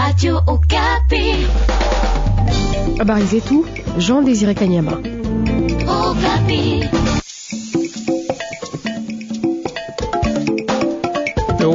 Radio Okapi. Habari zetu Jean Désiré Kanyama. Okapi.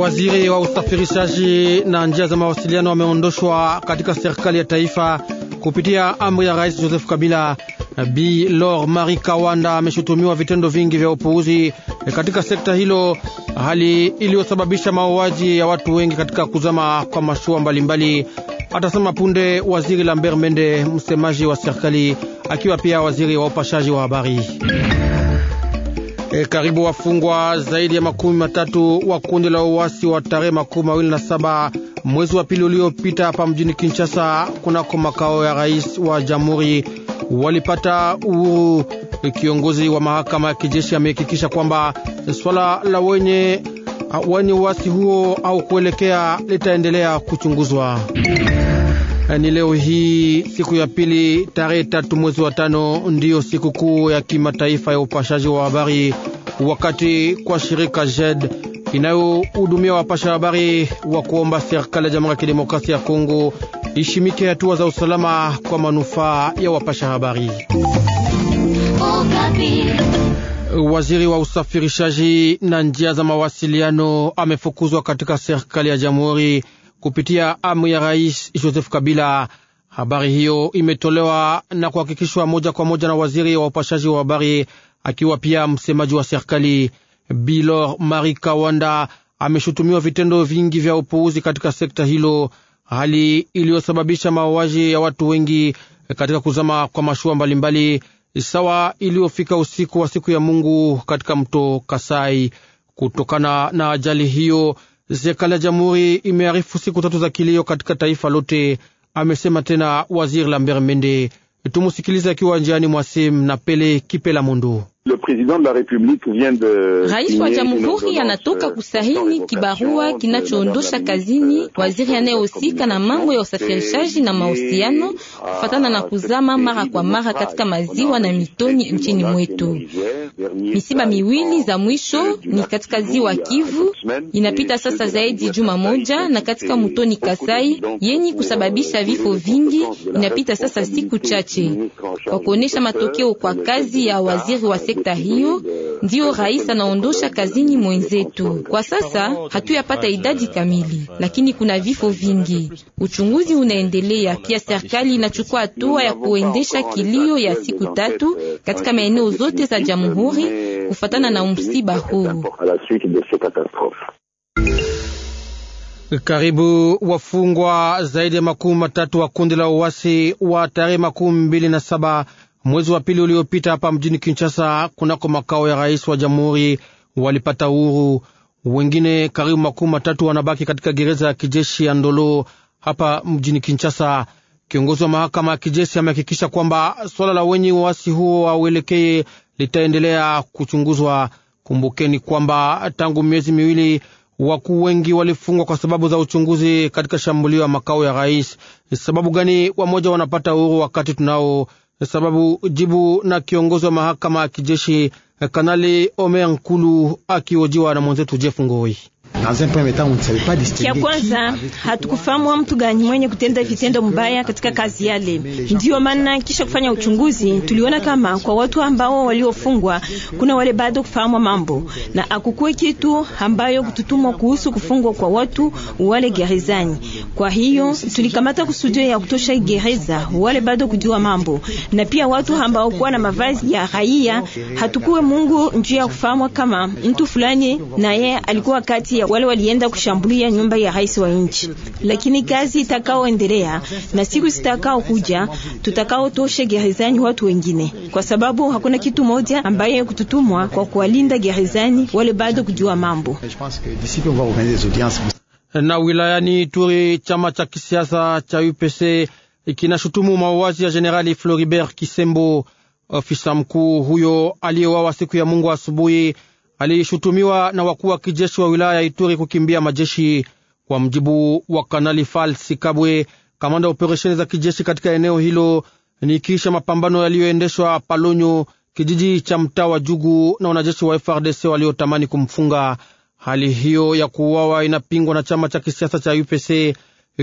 Waziri wa usafirishaji na njia za mawasiliano wameondoshwa katika serikali ya taifa kupitia amri ya Rais Joseph Kabila. Bi Lor mari Kawanda ameshutumiwa vitendo vingi vya upuuzi katika sekta hilo, hali iliyosababisha mauaji ya watu wengi katika kuzama kwa mashua mbalimbali. Atasema punde waziri Lambert Mende, msemaji wa serikali, akiwa pia waziri wa upashaji wa habari. E, karibu wafungwa zaidi ya makumi matatu wa kundi la uasi wa tarehe makumi mawili na saba mwezi wa pili uliopita hapa mjini Kinshasa kunako makao ya rais wa jamhuri walipata uhuru. Kiongozi wa mahakama ya kijeshi amehakikisha kwamba swala la wenye wenye uasi huo au kuelekea litaendelea kuchunguzwa. Ni leo hii siku ya pili tarehe tatu mwezi wa tano ndiyo sikukuu ya kimataifa ya upashaji wa habari, wakati kwa shirika JED inayohudumia wapasha habari wa kuomba serikali ya Jamhuri ya Kidemokrasia ya Kongo ishimike hatua za usalama kwa manufaa ya wapasha habari. Waziri wa usafirishaji na njia za mawasiliano amefukuzwa katika serikali ya jamhuri kupitia amri ya Rais Joseph Kabila. Habari hiyo imetolewa na kuhakikishwa moja kwa moja na waziri wa upashaji wa habari akiwa pia msemaji wa serikali. Bilor Mari Kawanda ameshutumiwa vitendo vingi vya upuuzi katika sekta hilo, hali iliyosababisha mauaji ya watu wengi katika kuzama kwa mashua mbalimbali sawa iliyofika usiku wa siku ya Mungu katika mto Kasai. Kutokana na ajali hiyo, serikali ya jamhuri imearifu siku tatu za kilio katika taifa lote, amesema tena Waziri Lambert Mende. Tumusikilize akiwa njiani mwa simu na Pele Kipela Mundu. Le président de la République vient de Rais wa Jamhuri anatoka euh, kusaini kibarua kinachoondosha kazini euh, waziri anayehusika na mambo ya usafirishaji na mahusiano kufatana na kuzama mara kwa mara katika maziwa na mitoni nchini mwetu. Misiba miwili za mwisho ni katika ziwa Kivu inapita sasa zaidi juma moja, na katika mutoni Kasai yenye kusababisha vifo vingi inapita sasa siku chache, kwa kuonesha matokeo kwa kazi ya waziri wa sekta hiyo, ndiyo rais anaondosha kazini mwenzetu. Kwa sasa hatuyapata idadi kamili, lakini kuna vifo vingi. Uchunguzi unaendelea pia. Serikali inachukua hatua ya kuendesha kilio ya siku tatu katika maeneo zote za jamhuri kufatana na msiba huu. Karibu wafungwa zaidi ya makumi matatu wa kundi la uasi wa tarehe makumi mbili na saba mwezi wa pili uliopita hapa mjini Kinshasa, kunako makao ya rais wa jamhuri walipata uhuru. Wengine karibu makumi matatu wanabaki katika gereza ya kijeshi ya Ndolo hapa mjini Kinshasa. Kiongozi wa mahakama ya kijeshi amehakikisha kwamba swala la wenye uasi huo wauelekee litaendelea kuchunguzwa. Kumbukeni kwamba tangu miezi miwili wakuu wengi walifungwa kwa sababu za uchunguzi katika shambulio ya makao ya rais. Sababu gani wamoja wanapata uhuru wakati tunao sababu jibu na kiongozi wa mahakama ya kijeshi Kanali Omer Nkulu akiojiwa na mwenzetu Jeff Ngoi. Kia kwanza hatukufahamu mtu gani mwenye kutenda vitendo mbaya katika kazi yale. Ndiyo maana kisha kufanya uchunguzi tuliona kama kwa watu ambao waliofungwa kuna wale bado kufahamu mambo, na akukue kitu ambayo kututumwa kuhusu kufungwa kwa watu wale gerezani. Kwa hiyo tulikamata kusudio ya kutosha gereza wale bado kujua mambo, na pia watu ambao kuwa na mavazi ya raia. Hatukue Mungu njia ya kufahamu kama mtu fulani na yeye alikuwa kati ya wale walienda kushambulia nyumba ya rais wa nchi, lakini kazi itakaoendelea na siku zitakao kuja tutakaotosha gerezani watu wengine, kwa sababu hakuna kitu moja ambaye kututumwa kwa kuwalinda gerezani wale bado kujua mambo na wilayani Turi, chama cha kisiasa cha UPC kinashutumu mauaji ya Jenerali Floribert Kisembo, ofisa mkuu huyo aliyewawa siku ya Mungu asubuhi alishutumiwa na wakuu wa kijeshi wa wilaya ya Ituri kukimbia majeshi. Kwa mjibu wa Kanali Falsi Kabwe, kamanda operesheni za kijeshi katika eneo hilo, ni kisha mapambano yaliyoendeshwa Palonyo, kijiji cha mtaa wa Jugu, na wanajeshi wa FRDC waliotamani kumfunga. Hali hiyo ya kuuawa inapingwa na chama cha kisiasa cha UPC.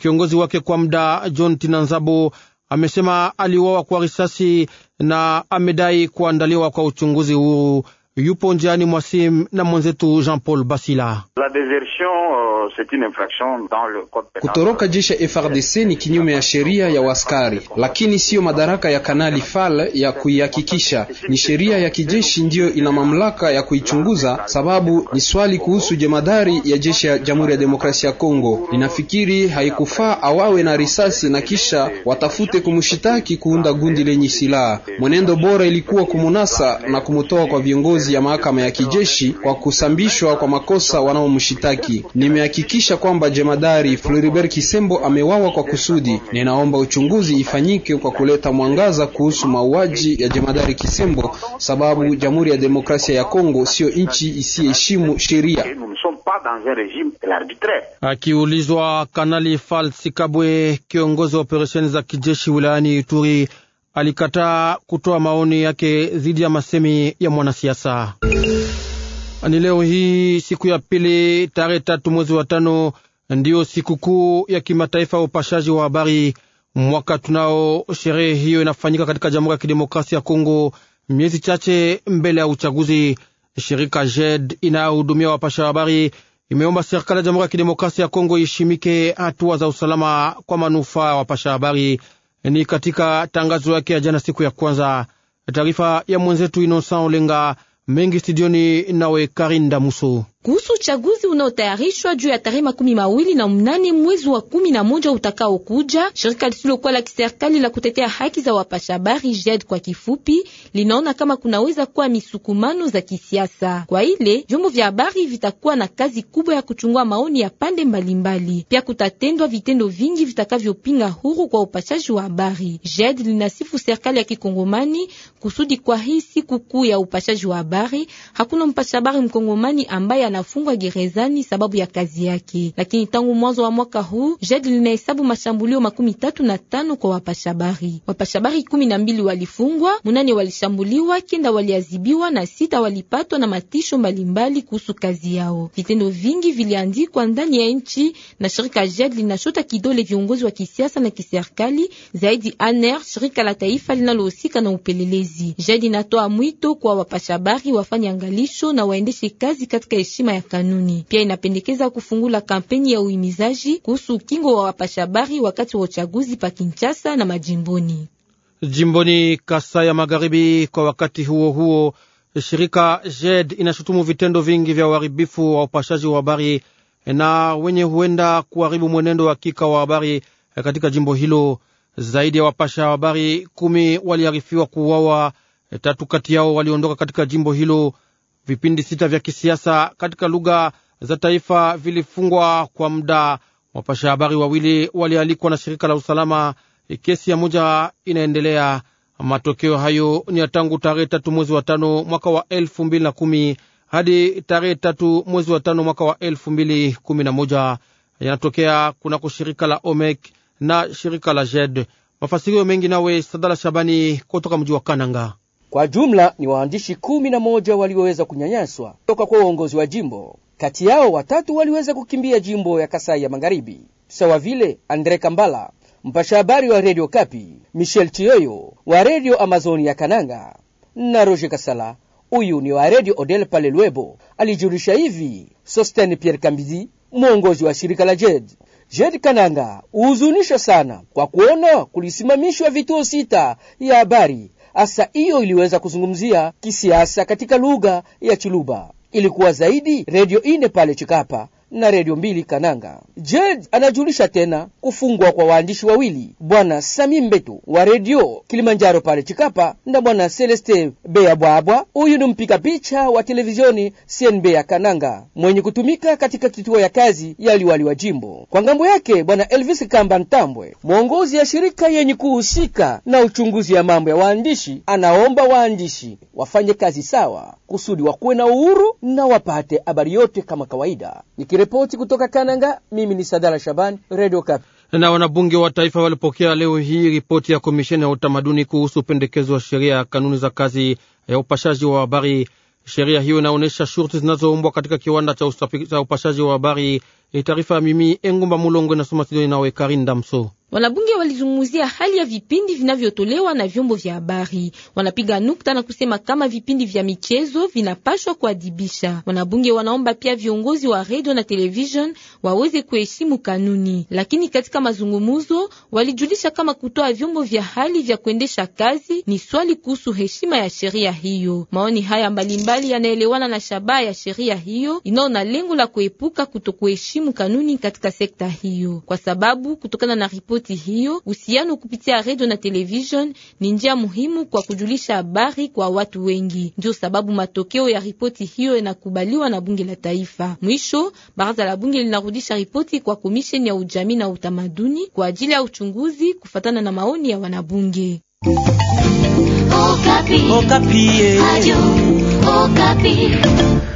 Kiongozi wake kwa muda John Tinanzabo amesema aliuawa kwa risasi na amedai kuandaliwa kwa uchunguzi huru yupo njiani mwa simu na mwenzetu Jean Paul Basila. Euh, Kutoroka jeshi ya FRDC ni kinyume ya sheria ya waskari, lakini siyo madaraka ya kanali Fal ya kuihakikisha. Ni sheria ya kijeshi ndiyo ina mamlaka ya kuichunguza, sababu ni swali kuhusu jemadari ya jeshi ya Jamhuri ya Demokrasia ya Kongo. Ninafikiri haikufaa awawe na risasi na kisha watafute kumshitaki kuunda gundi lenye silaha. Mwenendo bora ilikuwa kumunasa na kumtoa kwa viongozi kazi ya mahakama ya kijeshi kwa kusambishwa kwa makosa wanaomshitaki. Nimehakikisha kwamba jemadari Floribert Kisembo amewawa kwa kusudi. Ninaomba uchunguzi ifanyike kwa kuleta mwangaza kuhusu mauaji ya jemadari Kisembo, sababu Jamhuri ya Demokrasia ya Kongo siyo nchi isiyeheshimu sheria. Akiulizwa Kanali Falsi Kabwe, kiongozi wa operesheni za kijeshi wilayani Ituri alikataa kutoa maoni yake dhidi ya masemi ya mwanasiasa. Ni leo hii siku ya pili tarehe tatu mwezi wa tano ndiyo sikukuu ya kimataifa ya upashaji wa habari mwaka tunao. Sherehe hiyo inafanyika katika Jamhuri ya Kidemokrasia ya Kongo miezi chache mbele ya uchaguzi. Shirika JED inayohudumia wapasha habari imeomba serikali ya Jamhuri ya Kidemokrasia ya Kongo ishimike hatua za usalama kwa manufaa ya wapasha habari ni katika tangazo yake ya jana siku ya kwanza. Taarifa ya mwenzetu Inosa Olenga mengi studioni, nawe Karinda Muso kuhusu uchaguzi unaotayarishwa juu ya tarehe makumi mawili na mnane mwezi wa kumi na moja utakaokuja. Shirika lisilokuwa la kiserikali la kutetea haki za wapasha habari JED kwa kifupi, linaona kama kunaweza kuwa misukumano za kisiasa. Kwa ile vyombo vya habari vitakuwa na kazi kubwa ya kuchungua maoni ya pande mbalimbali mbali. Pia kutatendwa vitendo vingi vitakavyopinga huru kwa upashaji wa habari. JED linasifu serikali ya kikongomani kusudi kwa hii siku kuu ya upashaji wa habari hakuna mpashabari mkongomani ambaye anafungwa gerezani sababu ya kazi yake. Lakini tangu mwanzo wa mwaka huu JED linahesabu mashambulio makumi tatu na tano kwa wapashabari. Wapashabari kumi na mbili walifungwa, munane walishambuliwa, kenda waliazibiwa na sita walipatwa na matisho mbalimbali kuhusu kazi yao. Vitendo vingi viliandikwa ndani ya nchi na shirika JED linashota kidole viongozi wa kisiasa na kiserikali zaidi aner shirika la taifa linalohusika na upelelezi. JED inatoa mwito kwa wapashabari wafanye angalisho na waendeshe kazi katika heshima heshima ya kanuni. Pia inapendekeza kufungula kampeni ya uhimizaji kuhusu ukingo wa wapashabari wakati wa uchaguzi pa Kinshasa na majimboni. Jimboni Kasai ya Magharibi, kwa wakati huo huo, shirika JED inashutumu vitendo vingi vya uharibifu wa upashaji wa habari na wenye huenda kuharibu mwenendo wa hakika wa habari katika jimbo hilo. Zaidi ya wapasha habari kumi waliharifiwa kuuawa, tatu kati yao waliondoka katika jimbo hilo Vipindi sita vya kisiasa katika lugha za taifa vilifungwa kwa muda. Wapasha habari wawili walialikwa na shirika la usalama. Kesi ya moja inaendelea. Matokeo hayo ni ya tangu tarehe tatu mwezi wa tano mwaka wa elfu mbili na kumi hadi tarehe tatu mwezi wa tano mwaka wa elfu mbili kumi na moja yanatokea kunako shirika la OMEC na shirika la JED. Mafasirio mengi nawe Sadala Shabani kutoka mji wa Kananga. Kwa jumla ni waandishi kumi na moja walioweza kunyanyaswa toka kwa uongozi wa jimbo. Kati yao watatu waliweza kukimbia jimbo ya Kasai ya Magharibi, sawa vile Andre Kambala, mpasha habari wa redio Kapi, Michel tioyo wa redio Amazoni ya Kananga na Roger Kasala, huyu ni wa redio Odel pale Lwebo, alijulisha hivi Sosten Pierre kambidi mwongozi wa shirika la JED. JED Kananga huhuzunisha sana kwa kuona kulisimamishwa vituo sita ya habari hasa hiyo iliweza kuzungumzia kisiasa katika lugha ya Chiluba. Ilikuwa zaidi redio ine pale Chikapa na redio mbili Kananga. Jed anajulisha tena kufungwa kwa waandishi wawili, bwana Sami Mbeto wa redio Kilimanjaro pale Chikapa na bwana Celeste Bea Bwabwa, huyu ni mpiga picha wa televizioni CNB ya Kananga mwenye kutumika katika kituo ya kazi ya liwali wa jimbo. Kwa ngambo yake, bwana Elvis Kamba Ntambwe, mwongozi ya shirika yenye kuhusika na uchunguzi ya mambo ya waandishi, anaomba waandishi wafanye kazi sawa kusudi wakuwe na uhuru na wapate habari yote kama kawaida Niki Nikiripoti kutoka Kananga, mimi ni Sadala Shaban, Radio Cap. Na wanabunge wa taifa walipokea leo hii ripoti ya komisheni ya utamaduni kuhusu pendekezo wa sheria ya kanuni za kazi ya upashaji wa habari. Sheria hiyo inaonyesha shurti zinazoombwa katika kiwanda cha, usapi, cha upashaji wa habari. Taarifa ya mimi Engumba Mulongo inasoma Sidoni nawe Karinda Mso. Wanabunge walizungumzia hali ya vipindi vinavyotolewa na vyombo vya habari. Wanapiga nukta na kusema kama vipindi vya michezo vinapashwa kuadhibisha. Wanabunge wanaomba pia viongozi wa redio na television waweze kuheshimu kanuni, lakini katika mazungumzo walijulisha kama kutoa vyombo vya hali vya kuendesha kazi ni swali kuhusu heshima ya sheria hiyo. Maoni haya mbalimbali yanaelewana na shabaha ya sheria hiyo na lengo la kuepuka kutokuheshimu kanuni katika sekta hiyo, kwa sababu kutokana na ripoti ripoti hiyo, uhusiano kupitia radio na television ni njia muhimu kwa kujulisha habari kwa watu wengi. Ndio sababu matokeo ya ripoti hiyo yanakubaliwa na bunge la taifa. Mwisho, baraza la bunge linarudisha ripoti kwa komisheni ya ujamii na utamaduni kwa ajili ya uchunguzi kufatana na maoni ya wanabunge. Okapi. Okapi. Eh. Okapi.